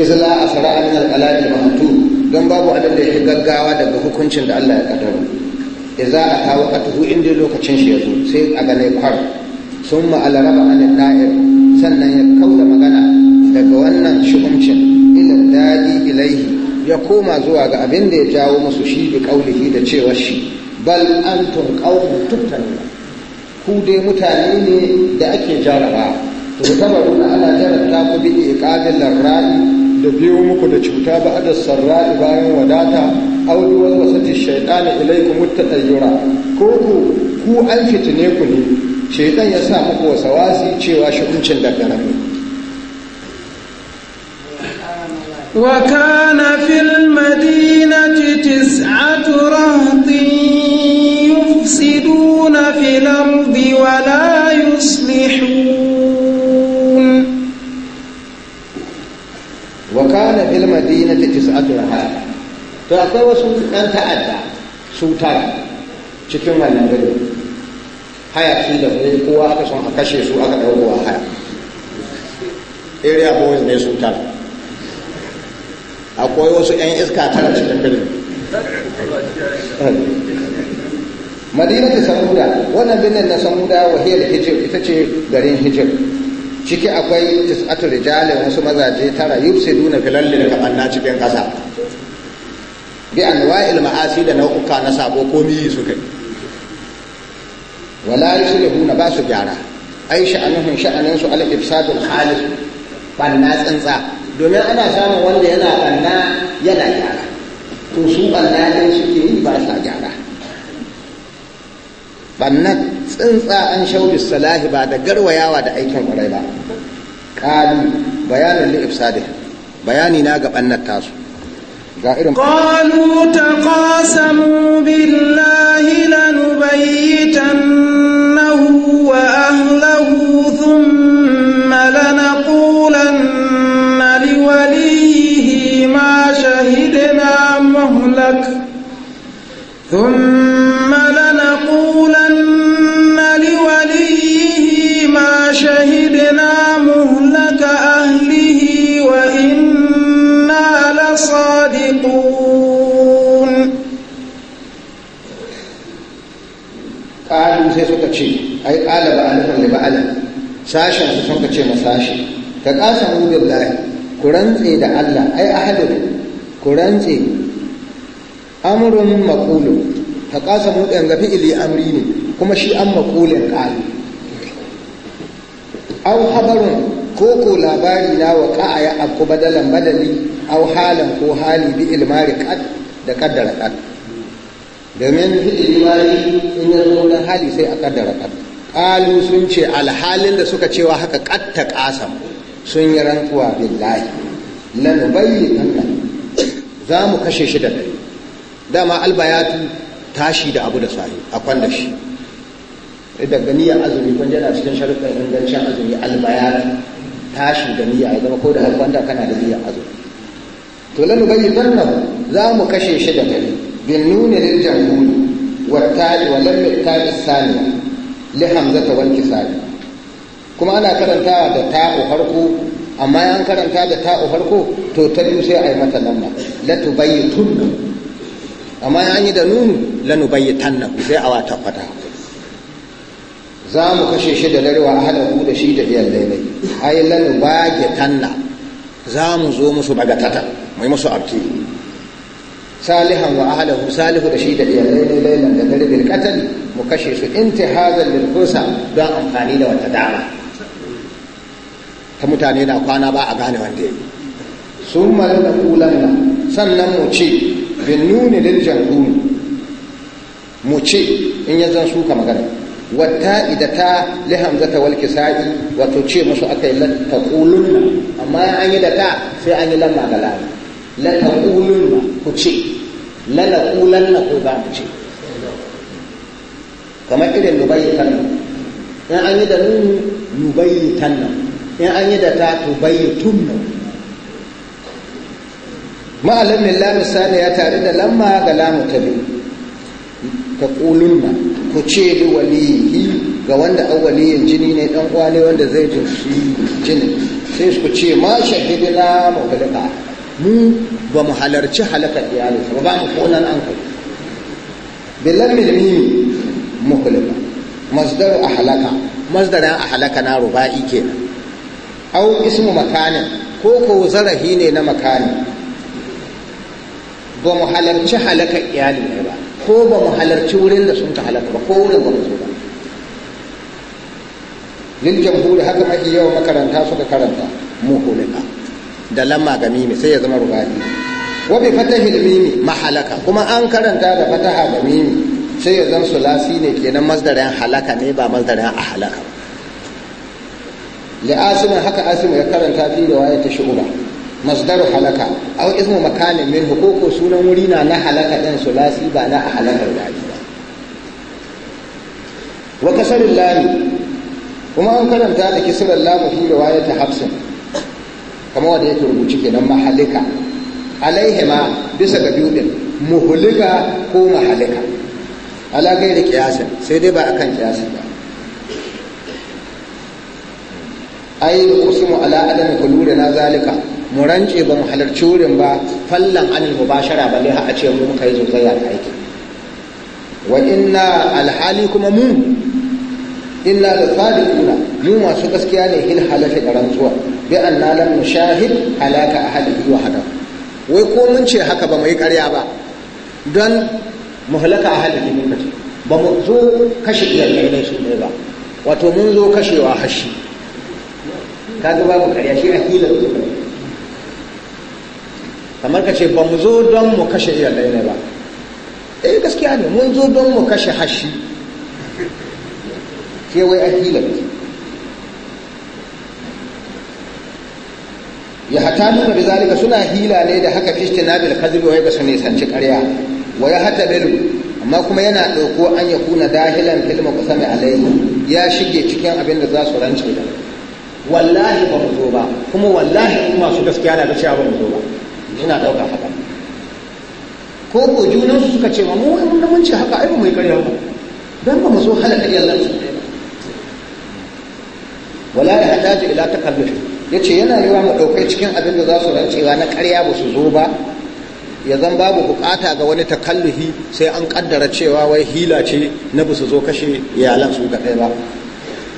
isa za a fara min alƙalami mahatu don babu adam da ya gaggawa daga hukuncin da Allah ya a kawo a tuhu inda lokacin shi ya zo sai a gane kwar sun ma'ala raba an da'ir sannan ya kauda magana daga wannan shugumcin ila dadi ilaihi ya koma zuwa ga abin da ya jawo masu shi bi kaulihi da cewa shi bal antum qaumun tuttanuna ku dai mutane ne da ake jaraba to tabaru na ana jarabta ku bi iqabil ra'i da biyo muku da cuta ba da sarra'i bayan wadata aw bi wasati shaytan ilaykum mutadayyura ko ku ku an fitine ku ne shaytan ya sa muku wasawasi cewa shuguncin da garamu وكان في المدينة تسعة رهطين يفسدون في الأرض ولا يصلحون وكان في المدينة تسعة رهاب فأقوى أن تعدى سوتر cikin wannan gari hayaki da kuma kowa aka son a kashe su aka ɗaukowa haya area boys ne su tara akwai wasu 'yan iska tara cikin birnin madina ta samuda wannan birnin na samuda wa hiyar hijir ita ce garin hijir ciki akwai tis'atu rijalin wasu mazaje tara yufsiduna filallin ardi kamanna cikin kasa bi wa'il ma'asi da nau'uka na sabo komi su kai wala huna ba su gyara ai sha'anuhun sha'anin su al-ifsadul khalis banna tsantsa domin ana samun wanda yana banna yana gyara to su banna din suke yi ba sa gyara bannan tsuntsa an shaudu salahi ba da garwayawa da aikin kwarai ba kalu bayanin li ifsadi bayani na ga bannan tasu ga irin qalu taqasamu billahi lanubayyitannahu wa ahlahu thumma lanaqulanna liwalihi ma shahidna mahlak ثم ai ƙala ba alifan da ba'ala sashen su sun ce ma sashe ka ƙasa mu billahi ku rantse da Allah ai ahadu ku rantse amrun maqulu ka ƙasa mu ɗan ga fi'ili amri ne kuma shi an maqulin qali aw khabarun ko ko labari na wa ka'a ya abku badalan badali aw halan ko hali bi ilmari qad da kaddara qad domin fi'ili mari in ya zo hali sai a kaddara qad qalu sun ce alhalin da suka cewa haka katta qasam sun yi rantsuwa billahi lanubayyinanna za mu kashe shi da dare dama albayatu tashi da abu da sahi a kwanda shi eh, daga niyyar azumi kun yana cikin sharuɗin ingancin azumi albayatu tashi da niyya ya zama ko da kwanda kana da niyyar azumi to lanubayyinanna za mu kashe shi da dare bin nuni lil jamhuri wa ta'i wa lam yattabi thaniya li hamzata wal kisari kuma ana karantawa da ta'u farko amma an karanta da ta'u farko to ta biyu sai a yi mata lamma la tubayyitun amma an yi da nunu la nubayyitanna sai a wata fata za mu kashe shi da larewa a hada ku da shi da biyan daidai ai la nubayyitanna za mu zo musu bagatata mu yi musu abti salihan wa ahlahu salihu da shi da biyan daidai lailan da dare bil qatl mu kashe su intihazan haza fursa don amfani da wata dama ta mutane na kwana ba a gane wanda yi sun mara da nan sannan mu ce bin nuni liljan jarhumi mu ce in ya zan suka magana wata idata li ta walke sa'i wato ce musu aka yi taqulunna amma an yi da ta sai an yi lamma ga lanta kulun ku ce la la ko za mu ce kamar irin lubayyitan nan in an yi da nun lubayyitan nan in an yi da ta tun nan ma'alamin lamu sani ya tare da lamma ga lamu ta biyu ta ku ce da waliyi ga wanda an waliyin jini ne dan kwale wanda zai shi jinin sai ku ce ma shahidina mu mu ba mu halarci halakar iyalinsa ba ba mu ƙonan an kai bilan milmimi mukhlifa masdaru ahlaka masdaran ahlaka na ruba'i kenan au ismu makanin ko ko zarahi ne na makanin ba mu halarci halakar iyali ne ba ko ba mu halarci wurin da sun ta halaka ba ko wurin ba mu zo ba lil jamhuri haka mafi yawan makaranta su ka karanta muhulika da lamma ga mimi sai ya zama rubai wa bi fatahil mimi mahalaka kuma an karanta da fataha ga mimi sai ya zan sulasi ne kenan masdarin halaka ne ba masdarin a halaka li asimin haka Asimu ya karanta fi riwaya ta shu'uba masdar halaka aw isma makanin min hukuku sunan wuri na na halaka din sulasi ba na a halakar da ba wa kasarin lami kuma an karanta da kisirar lamu fi riwaya ta hafsin kamar wanda yake rubuci kenan mahalika alaihima bisa ga biyu din muhulika ko mahalika ala gairi kiyasin sai dai ba kan kiyasin ba ai mu ala adam kulure na zalika mu rance ba mu halarci wurin ba fallan anil mubashara balle ha a ce mu muka yi zozaya aiki wa inna alhali kuma mu inna da sadiquna mu masu gaskiya ne hil halafi da rantsuwa bi anna lam nushahid halaka ahadi wa hada wai ko mun ce haka ba mu yi ƙarya ba don mu halaka a halin muka ce ba mu zo kashe iyalai ne su ne ba wato mun zo kashewa hashi kaga babu karya shi a hilar ne kamar ka ce ba mu zo don mu kashe iyalai ne ba eh gaskiya ne mun zo don mu kashe hashi ke wai a hilar ya hata nuna da zalika suna hila ne da haka fishti nabil kazibi wai ga sane sanci karya wa ya hata amma kuma yana ɗauko an ya kuna dahilan filma kusa mai alayhi ya shige cikin abin da za su rance da wallahi ba mu zo ba kuma wallahi in masu gaskiya na da cewa ba mu zo ba yana ɗauka haka ko ko junan su suka ce ma mu wani mun ce haka ai ba mu yi ƙarya ba dan ba mu zo halaka yallan su wala ya ila takalluf yace yana yiwa mu ɗaukai cikin abin da za su rancewa na karya ba su zo ba ya zan babu bukata ga wani takallufi sai an kaddara cewa wai hila ce na busu zo kashe iyalan su ga ba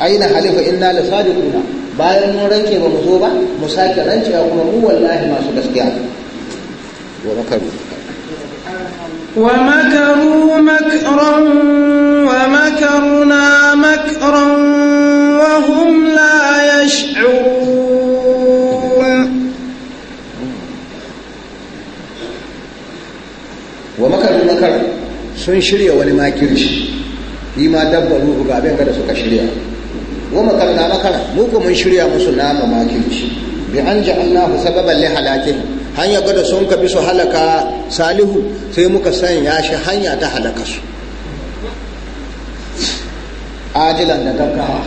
aina halifa inna la sadiquna bayan mun rance ba mu zo ba mu sake rancewa kuma mu wallahi masu gaskiya wa makaru wa makaru makran wa makaruna makran wa makarin makar sun shirya wani makirci yi ma dabba ruhu ga abin kada suka shirya wa makar na makar mu mun shirya musu nama makirci bi an ja'alnahu sababan li halakin hanya gada sun ka bi su halaka salihu sai muka sanya shi hanya ta halaka su ajilan da gaggawa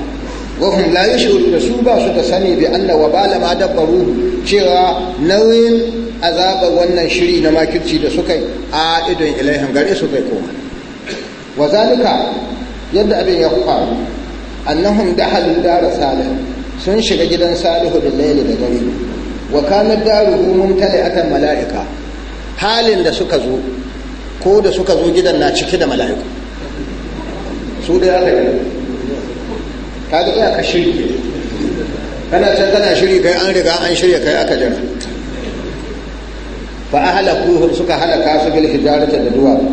wahum la yashuru da su ba su da sani bi anna wabala ma dabbaru cewa nauyin azaba wannan shiri na makirci da suka yi a idon ilaihin gare su bai koma wa zalika yadda abin ya faru annahum halin dara salihu sun shiga gidan salihu da laili da dare wa kana daruhu atan mala'ika halin da suka zo ko da suka zo gidan na cike da mala'iku su da aka yi kaga iyaka shiri kana can kana shiri kai an riga an shirya kai aka jira fa ahlakuhum suka halaka su bil hijarati da duwatsu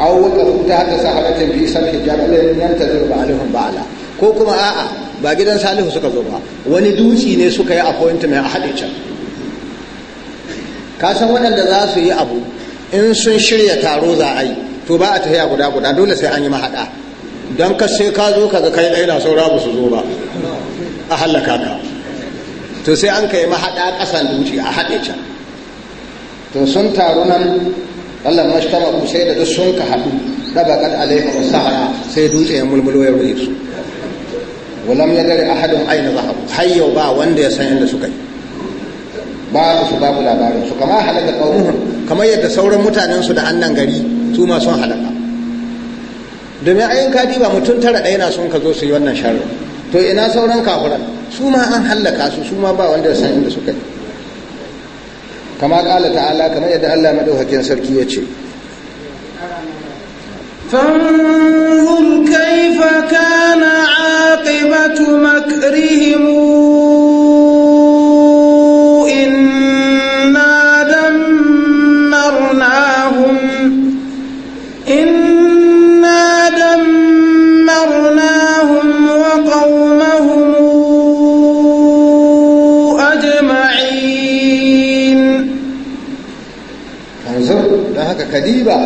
aw waqafu ta hatta saharatin fi sal hijar alladhi yantazir ba'alihum ala. ko kuma a'a ba gidan salihu suka zo ba wani duci ne suka yi appointment a haɗe can ka san waɗanda za su yi abu in sun shirya taro za a yi to ba a tafiya guda guda dole sai an yi mahaɗa don ka sai ka zo ka ga kai ɗaya na saura ba su zo ba a hallaka ka to sai an kai mahaɗa ƙasan duci a haɗe can to sun taru nan Allah shi ku sai da duk sun ka haɗu rabakat alaihi wasahara sai dutse ya mulmulo ya rure su walam ya dare ahadun aina zahabu har yau ba wanda ya san inda suka yi Ba su babu labarin su kamar halaka qaumuhum kamar yadda sauran mutanen su da annan gari su ma sun halaka domin ayin kadi ba mutum tara ɗaya na sun ka zo su yi wannan sharri to ina sauran kafuran su ma an hallaka su su ma ba wanda ya san inda suka yi kama kala ta'ala kamar yadda Allah madaukakin sarki ya ce فانظر كيف كان عاقبة مكرهم kadiba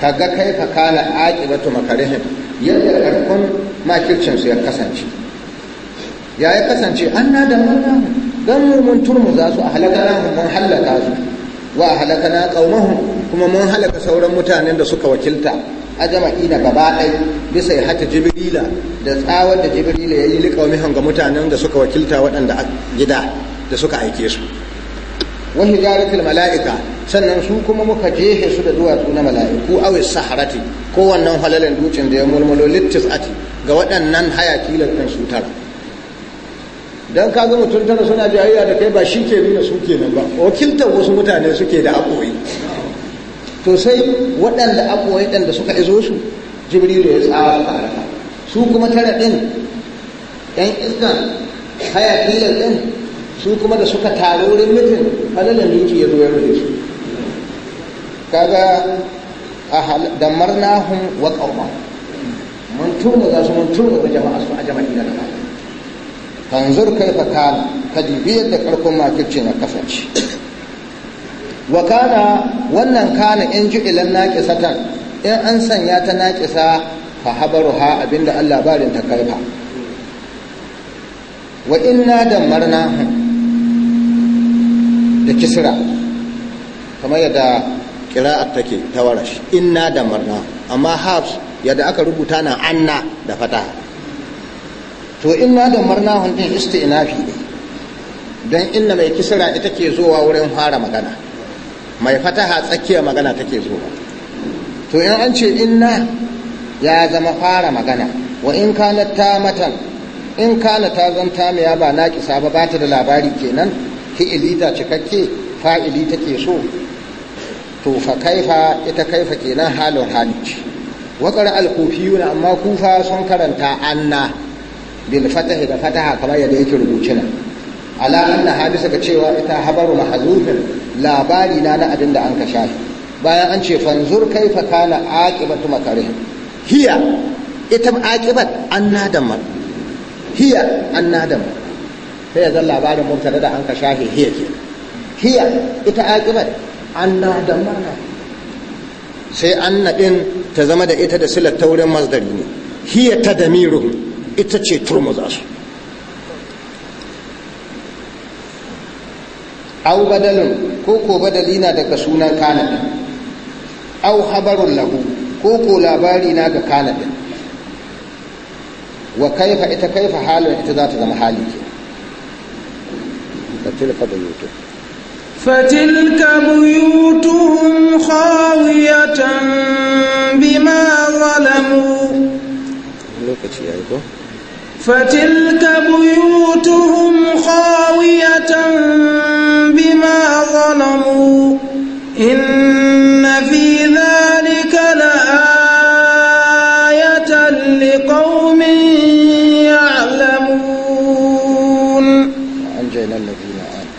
ka ga kai fa kana aqibatu makarihin yadda karkon makircin su ya kasance ya ya kasance anna da mana dan mun turmu za su halakana mun halaka su wa halakana qaumahum kuma mun halaka sauran mutanen da suka wakilta a jama'i na gaba ɗai bisa ya hata jibrila da tsawar da jibrila ya yi liƙa ga mutanen da suka wakilta waɗanda gida da suka aike su Wani hijaratul mala'ika sannan su kuma muka jehe su da duwatsu na mala'iku awi saharati ko wannan halalin dutsen da ya mulmulo ati ga waɗannan hayaki lantan sutar Don ka kaga mutum suna jayayya da kai ba shi ke nuna su kenan ba wakiltar wasu mutane suke da akoyi to sai waɗanda akoyi ɗan da suka izo su jibrilu ya tsawa tsara su kuma tara ɗin ɗan iskan hayaki ɗin su kuma da suka taru wurin mutum falalan miki ya zo ya rufe su kaga damar nahun wa ƙauma mun tuna za su mun tuna da jama'a su a jama'i na gaba fanzur kai fa kana ka dibi yadda karkon makircin na kasance wa kana wannan kana in ji ilan naƙisatan in an sanya ta naƙisa fa habaruha abinda Allah barin ta kaifa wa inna dammarnahum da kisira kamar yadda kira'ar take ta warash inna da marna amma habs yadda aka rubuta na anna da fata to inna da marna hundin isti'nafi ne don inna mai kisira ita ke zuwa wurin fara magana mai fataha tsakiyar magana take zuwa to in an ce inna ya zama fara magana wa in kana ta matan in kana ta zanta ba na kisa ba ba ta da labari kenan fi'ili ta cikakke fa'ili take so to fa kaifa ita kaifa kenan halin halici waƙar alkufiyun amma kufa sun karanta anna bil fatahi da fataha kamar yadda yake rubuce nan ala anna hadisa ga cewa ita habaru mahzufin labari na na abin da an ka shafi bayan an ce fanzur kaifa kana aqibatu makarih hiya ita aqibat annadam hiya annadam sai ya zan labarin mubtada da an ka shahe hiya ke hiya ita an na da mana sai an naɗin ta zama da ita da silar taurin mazdari ne hiya ta damiru ita ce turmuza su Au badalin ko ko badali na daga sunan kanadin au habarun lahu ko ko labari na ga kanadin wa kaifa ita kaifa halin ita za ta zama hali ke فتلك بيوتهم فتلك بيوتهم خاوية بما ظلموا فتلك بيوتهم خاوية بما ظلموا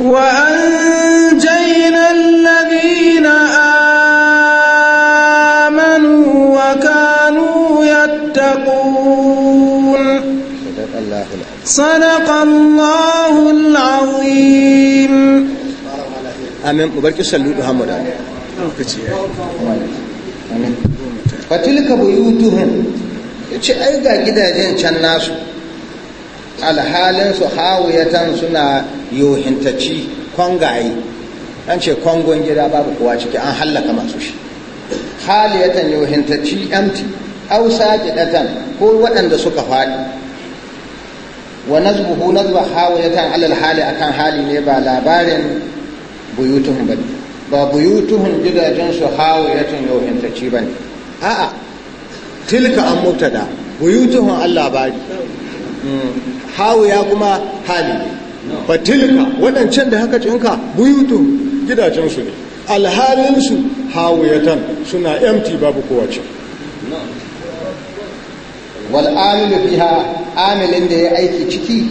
وأنجينا الذين آمنوا وكانوا يتقون صدق الله العظيم آمين مبارك سلوك محمد فتلك بيوتهم yace ai ga gidajen can alhalin su hawiyatan suna yohintaci kwangaye an ce kwangon gida babu kowa ciki an hallaka masu shi haliyatan yohintaci empty au sajidatan ko waɗanda suka faɗi wa nazbuhu nazba hawiyatan alal hali akan hali ne ba labarin buyutuhum ne? ba buyutuhum gidajen su hawiyatan yohintaci bane a'a tilka an mutada buyutuhum al labari Hawu ya kuma hali ne fatilka waɗancan da haka cinka buyutu. gidajensu ne alhalinsu tan, suna empty babu kowace. wal'amilu wal amilu fiha amilin da ya aiki ciki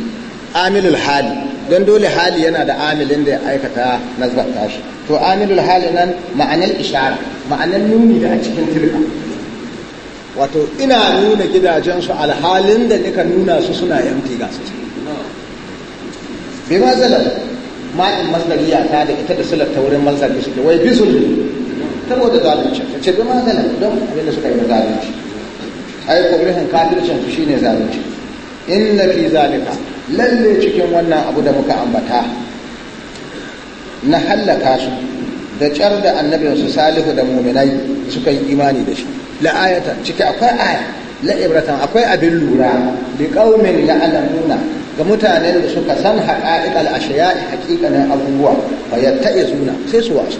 amilul hali don dole hali yana da amilin da ya aikata nazbar tashi to amilul hali nan ma'anar ishara ma'anar nuni da a cikin tilka wato ina nuna gidajensu alhalin da nika nuna su suna yamti ga su bai mazala ma'in masdariya ta da ita da silar ta wurin mazar su suke wai ta saboda zalunci ta ce bai mazala don abinda suka yi na zalunci ai kubrihin kafircin su shine zalunci na fi zalika lalle cikin wannan abu da muka ambata na hallaka su da kyar da annabinsu salihu da muminai suka yi imani da shi la ciki akwai aya la ibratan akwai abin lura bi qaumin ya'lamuna ga mutanen da suka san haqa'iqal ashiya'i haqiqanin abubuwa fa yatta'izuna sai su wasu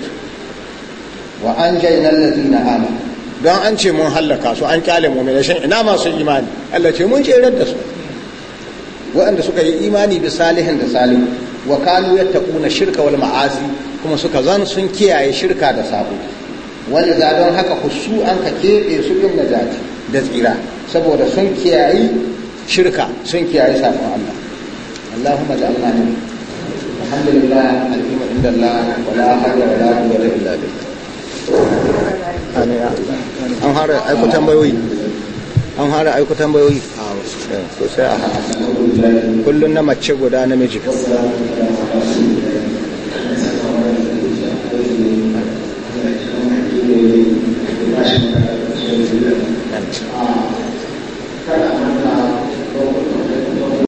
wa anjayna allazina amanu don an ce mun hallaka su an kyale mai shin ina masu imani Allah ce mun ce da su waɗanda suka yi imani bi salihin da salihu wa kanu yattaquna shirka wal ma'asi kuma suka zan sun kiyaye shirka da sabo wani za don haka husu an ka keɓe su bin najati da tsira saboda sun kiyayi shirka sun kiyayi safon Allah Allahumma ja'alna min alhamdulillah alhimma inda Allah wala hawla wala quwwata illa billah an hara aiko tambayoyi an fara aiko tambayoyi sosai a kullum na mace guda namiji Amen.